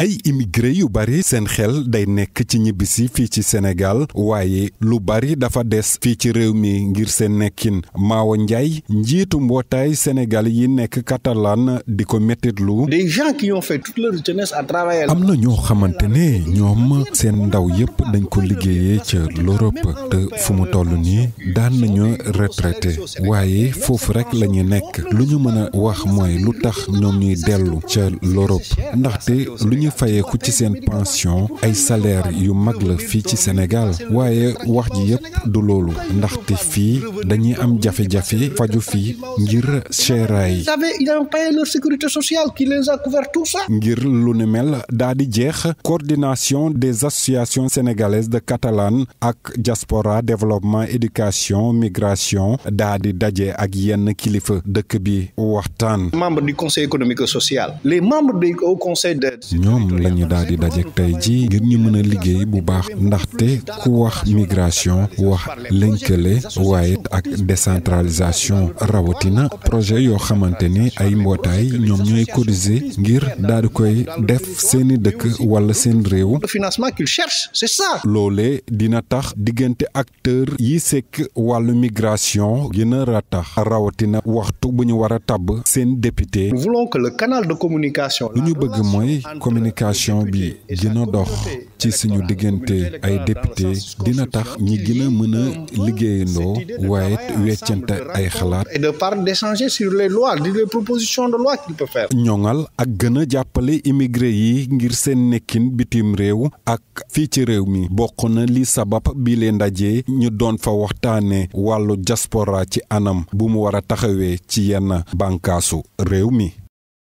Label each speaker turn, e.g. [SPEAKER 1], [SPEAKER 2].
[SPEAKER 1] ay immigré yu bari seen xel day nekk ci ñibbisi fii ci Sénégal waaye lu bari dafa des fii ci réew mi ngir seen nekkin Mawa Ndiaye njiitu mbootaay Sénégal yi nekk Catalan di ko méttitlu des gens am na ñoo xamante ne ñoom seen ndaw yépp dañ ko liggéeyee ca l'Europe te fu mu toll nii daan nañu retraité waaye foofu rek la ñu nekk lu ñu mën a wax mooy lu tax ñoom ñuy dellu ca l'Europe ndaxte lu ñu ñuy fayeeku ci seen pension ay salaire yu mag la fii ci Sénégal waaye wax ji yépp du loolu ndaxte fii dañuy am jafe-jafe faju fii ngir seeraay yi. ils ont payé leur sécurité sociale les a ngir lu ne mel daa di jeex coordination des associations sénégalaises de catalane ak diaspora développement éducation migration daa di daje ak yenn kilifa dëkk bi waxtaan. membre du conseil social. ñoom la ñu daal di dajek tey ji ngir ñu mën a liggéey bu baax ndaxte ku wax migration wax lënkale waaye ak décentralisation rawatina projet yoo xamante ni ay mbootaay ñoom ñooy cotiser ngir daal di koy def seeni dëkk wala seen réew. le financement qu'il cherche c'est dina tax diggante acteur yi sekk wàllu migration gën a rawatina waxtu bu ñu war a tabb seen député. lu ñu bëgg mooy communication. communication bi gën dox ci suñu diggante ay dina tax ñi gën a mën a liggéeyandoo waaye weccante ay xalaat. et de part ak gën a jàppale immigré yi ngir seen nekkin bitim réew ak fii ci réew mi bokk na li sabab bi lee ndaje ñu doon fa waxtaanee wàllu diaspora ci anam bu mu war a taxawee ci yenn bànkaasu réew mi.